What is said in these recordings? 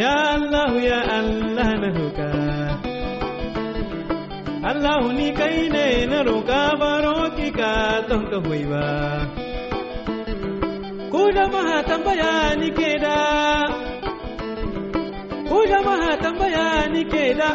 Ya Allah ya Allah na roƙa Allah ni kai ne na roƙa baro ki ka don ka hoyi ba Ku tambaya ni ke da Ku jama'a tambaya ni ke da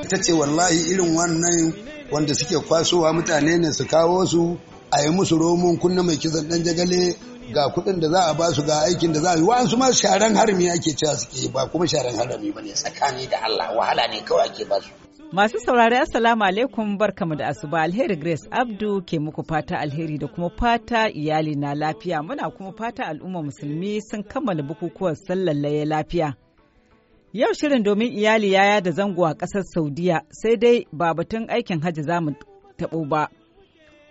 Ita ce wallahi irin wannan wanda suke kwasowa mutane ne su kawo su a yi musu romon kunna mai kizan dan jagale ga kuɗin da za a ba su ga aikin da za a yi wa'ansu ma sharan harami ake cewa suke ba kuma sharan harami ba ne tsakani da Allah wahala ne kawai ake ba su. Masu saurari assalamu alaikum barkamu da asuba alheri Grace Abdu ke muku fata alheri da kuma fata iyali na lafiya muna kuma fata al'umma musulmi sun kammala bukukuwan sallar laye lafiya. Yau shirin domin iyali yaya da zango a ƙasar Saudiya sai dai ba batun aikin hajji za mu taɓo ba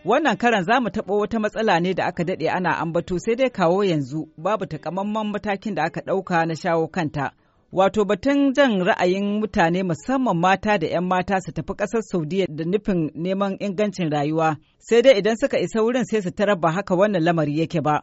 Wannan karan za mu taɓo wata matsala ne da aka daɗe ana ambato sai dai kawo yanzu babu takamaiman matakin da aka ɗauka na shawo kanta. Wato batun jan ra'ayin mutane musamman mata da 'yan mata su tafi ƙasar Saudiya da nufin neman ingancin rayuwa, sai dai idan suka isa wurin sai su tarar ba haka wannan lamari yake ba.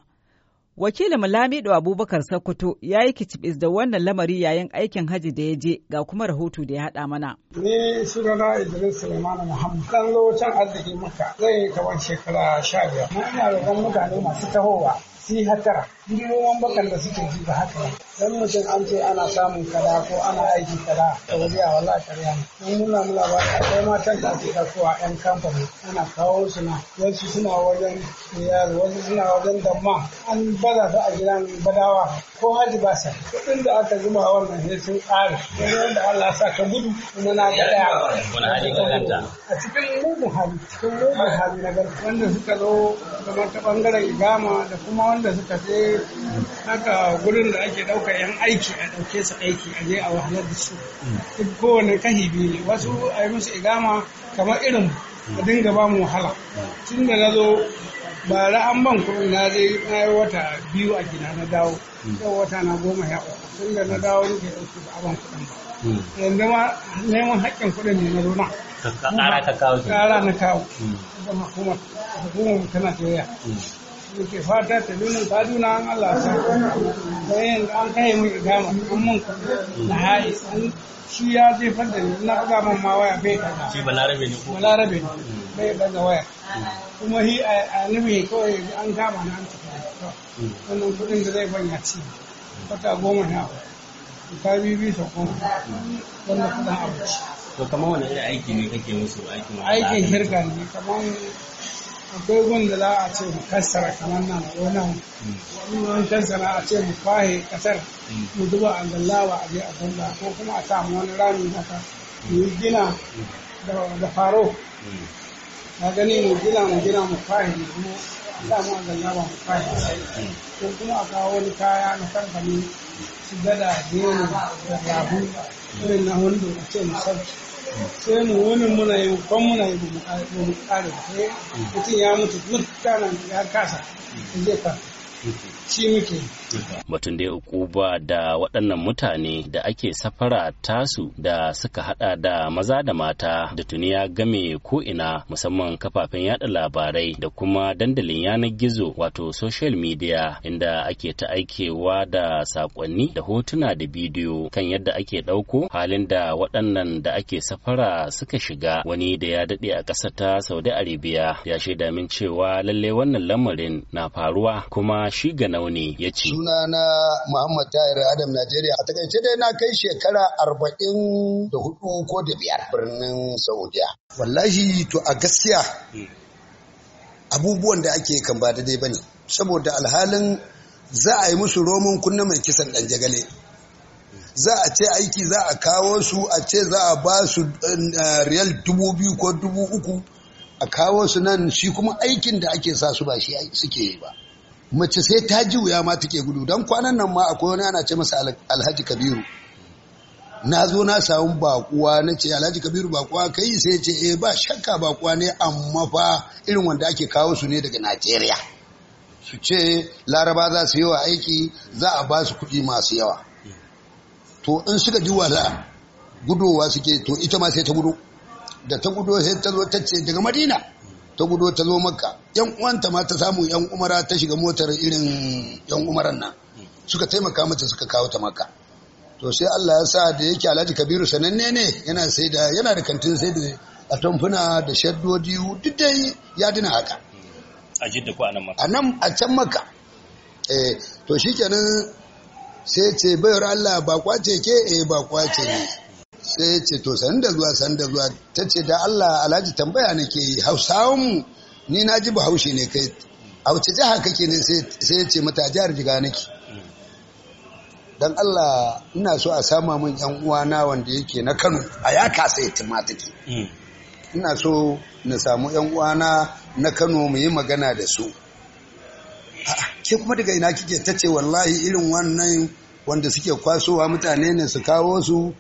Wakilin Lamido Abubakar Sokoto ya yi kicibis da wannan lamari yayin aikin Hajji da ya je ga kuma rahoto da ya haɗa mana. Ni sunana Idris Suleiman Muhammad ɗan lokacin arziki maka zai yi kawai shekara sha biyar. Na ina roƙon mutane masu tahowa su yi hatara. Biliyoyin bakar da suke ji ba haka dan mutum an ce ana samun kada ko ana aiki kada ta waje a wala karya ne mun nuna mu labari akwai matan da ake kasuwa yan kamfani ana kawo su na wasu suna wajen yaro wasu suna wajen damma an baza su a gidan badawa ko haji ba sa kuɗin da aka zuba wannan ne sun ƙare wani wanda Allah sa ka gudu kuma na ga ɗaya a cikin mugun hali cikin mugun hali na wanda suka zo kamar ta ɓangaren igama da kuma wanda suka je haka gurin da ake ɗauka yan aiki a ɗauke su aiki a je a wahalar da su duk kowane kahi biyu ne wasu a yi musu igama kamar irin a dinga ba mu wahala tun da na zo ba an ban kuɗi na je na yi wata biyu a gida na dawo yau wata na goma ya uku tun da na dawo nake ɗauki ba a ban kuɗin ba yanzu ma neman haƙƙin kuɗin ne na zo na ƙara na kawo ƙara na kawo da hukumar tana jeriya yake fata ta dunin an Allah ta an kai mun igama an mun na hayi an shi ya da na buga man ma waya bai kaza shi balarabe ne ko ne hmm. bai waya hmm. kuma hi a an an hmm. da zai ci wata goma na to kamar aiki ne kake musu shirka ne kamar akwai gun da za a ce mu kassara kamar nan wannan wani kassara a ce mu kwahe kasar mu duba a gallawa a je a banza ko kuma a samu wani rami haka mu gina da faro na gani mu gina mu gina mu kwahe mu kuma a samu a gallawa mu kwahe ko kuma a kawo wani kaya na kamfani su gada gero da rahu irin na hundu a ce mu sauki sai mu wani muna yi ban muna yi ba mu ƙara mutum ya mutu duk ya kasa zai kasa Shi muke. Batun dai ba da waɗannan mutane da ake safara tasu da suka haɗa da maza da mata da tuni ya game ko'ina musamman kafafen yada labarai da kuma dandalin yanar gizo wato social media inda ake ta aikewa da saƙonni da hotuna da bidiyo kan yadda ake ɗauko halin da waɗannan da ake safara suka shiga wani da ya daɗe a ƙasar ta saudi arabia ya shaida min cewa lallai wannan lamarin na faruwa kuma shi ga nauni ya ce. Suna na Muhammad Tahir Adam Najeriya a takaice dai na kai shekara arba'in da hudu ko da biyar birnin Saudiya. Wallahi to a gaskiya abubuwan da ake kan ba daidai bane saboda alhalin za a yi musu roman kunna mai kisan dan jagale. za a ce aiki za a kawo su a ce za a ba su eh, eh, riyal dubu biyu ko dubu uku a kawo su nan shi kuma aikin da ake sa su ba shi suke yi ba mace sai ta ji wuya ma take gudu don kwanan nan ma akwai wani ana ce masa alhaji kabiru na zo na samu bakuwa na ce alhaji kabiru bakuwa kai sai ce eh ba shakka bakuwa ne amma fa irin wanda ake kawo su ne daga najeriya su ce laraba za su yi wa aiki za a ba su kuɗi masu yawa to in suka ji wala gudowa suke to ita ma sai ta gudu da ta gudo sai ta zo ta ce daga madina ta gudo ta zo makka yan uwanta ma ta samu yan umara ta shiga motar irin yan umaran nan suka taimaka mata suka kawo ta maka to sai Allah ya sa da yake Alhaji Kabiru sananne ne yana sai da yana da kantin sai da atamfuna da shaddodi duk dai ya dina haka a jidda ko anan maka anan a can maka eh to shikenan sai ce bayar Allah ba kwace ke eh ba kwace ne sai ce to san da zuwa san da zuwa ta ce da Allah alhaji tambaya nake yi mu. ni na ji bahaushe ne kai a wace jiha kake ne sai ya ce mata jihar jiga nake don allah ina so a sama min yan uwana wanda yake na kano a ya kasa ya tima take hmm. ina so na samu yan uwana na kano mu yi magana da su ke kuma daga ina kike ta ce wallahi irin wannan wanda suke kwasowa mutane ne su kawo su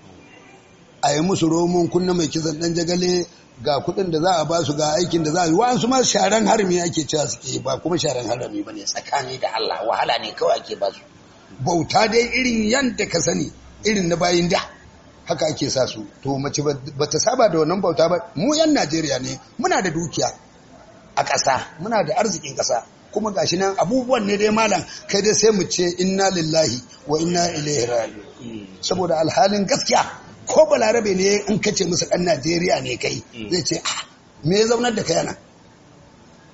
a yi musu romon kunna mai kisan dan jagale ga kuɗin da za a ba su ga aikin da za a yi wa'ansu ma sharan harami ake cewa suke ba kuma sharan harami ba ne tsakani da Allah wahala ne kawai ake ba su bauta dai irin yadda ka sani irin na bayin da haka ake sa su to mace ba ta saba da wannan bauta ba mu yan Najeriya ne muna da dukiya a ƙasa muna da arzikin ƙasa kuma gashi nan abubuwan ne dai malam kai dai sai mu ce inna lillahi wa inna ilaihi raji'un saboda alhalin gaskiya ko balarabe ne in kace musu ɗan najeriya ne kai mm. zai ce a ah, me ya zaunar da kai nan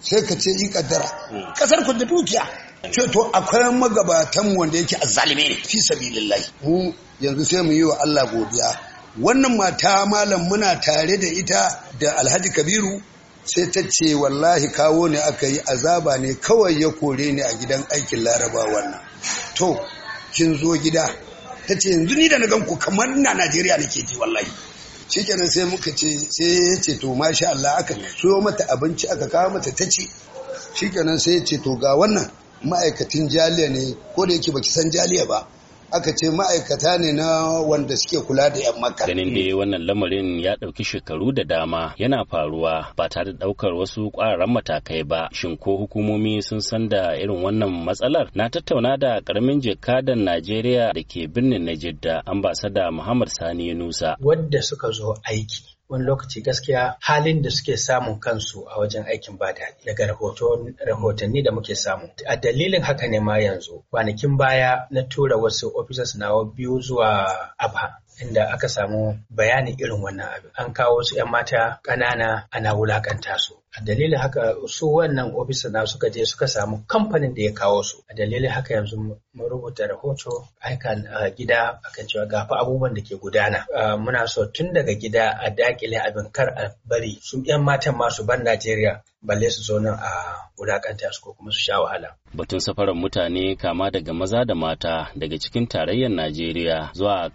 sai ka ce yi kaddara mm. kasar ku da dukiya ce to akwai magabatan wanda yake zalime ne fi sabilillahi mu yanzu sai mu yi wa Allah godiya wannan mata malam muna tare da ita da Alhaji Kabiru sai ta ce wallahi kawo ne aka yi azaba ne kawai ya kore ni a gidan aikin larabawa wannan to kin zo gida ta ce yanzu ni da na ganku kamar na najeriya nake ji wallahi Shi kenan sai muka ce sai ya ce to masha Allah aka soyo mata abinci aka kawo mata ta ci kenan sai ya ce to ga wannan ma'aikatin jaliya ne ko da yake baki san jaliya ba aka ce ma'aikata ne na wanda suke kula da 'yan maka Ganin da wannan lamarin ya ɗauki shekaru da dama yana faruwa ba tare da ɗaukar wasu ƙwararren matakai ba. Shin ko hukumomi sun san da irin wannan matsalar? Na tattauna da ƙaramin jakadan Najeriya da ke birnin Najidda, ambasada Muhammad Sani Nusa. Wadda suka zo aiki wani lokaci gaskiya halin da suke samun kansu a wajen aikin ba daɗi daga rahotanni da muke samu. A dalilin haka ne ma yanzu kwanakin baya na tura wasu officers nawa biyu zuwa Abha inda aka samu bayani irin wannan abin. An kawo su 'yan mata ƙanana ana wulakanta su. a dalilin haka su wannan ofisa na suka je suka samu kamfanin da ya kawo su a dalilin haka yanzu mun rubuta rahoto a gida akan cewa gafi abubuwan da ke gudana muna so tun daga gida a dakile abin kar a bari su 'yan matan masu ban Najeriya. balle su zo nan a wulakanta su ko kuma su sha wahala. Batun safarar mutane kama daga maza da mata daga cikin tarayyar Najeriya zuwa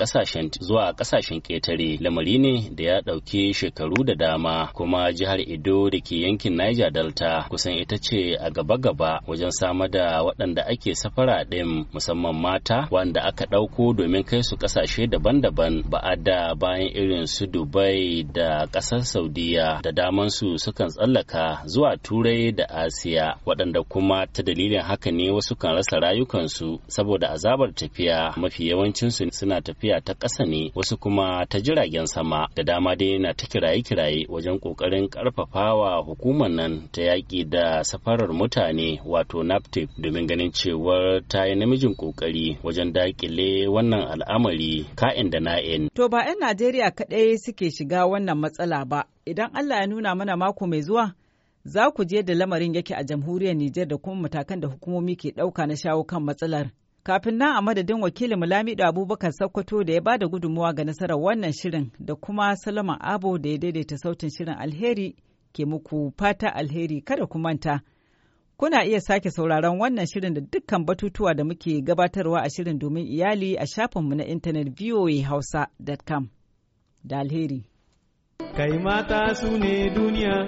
ƙasashen ƙetare lamari ne da ya ɗauki shekaru da dama kuma jihar Edo da ke yankin Niger Delta kusan ita ce a gaba-gaba wajen samar da waɗanda ake safara ɗin musamman mata wanda aka ɗauko domin kai su ƙasashe daban-daban ba'ada da bayan irin su Dubai da ƙasar Saudiya da damansu sukan tsallaka zuwa zuwa turai da asiya waɗanda kuma ta dalilin haka ne wasu kan rasa rayukansu saboda azabar tafiya mafi yawancinsu suna tafiya ta ƙasa ne wasu kuma ta jiragen sama da dama dai na ta kiraye-kiraye wajen ƙoƙarin ƙarfafawa hukumar nan ta yaƙi da safarar mutane wato naptip domin ganin cewar ta yi namijin ƙoƙari wajen daƙile wannan al'amari ka'in da na'in. To ba 'yan Najeriya kaɗai suke shiga wannan matsala ba, idan Allah ya nuna mana mako mai zuwa Za ku je da lamarin yake a jamhuriyar Nijar da kuma matakan da hukumomi ke ɗauka na shawo kan matsalar. Kafin nan a madadin wakilin Mulamido Abubakar Sokoto da ya bada gudunmawa ga nasarar wannan shirin da kuma Salama Abo da ya daidaita sautin shirin alheri ke muku fata alheri kada ku manta. Kuna iya sake sauraron wannan shirin da dukkan batutuwa da muke gabatarwa a shirin domin iyali a shafinmu na intanet voahausa.com da alheri. Kai mata su ne duniya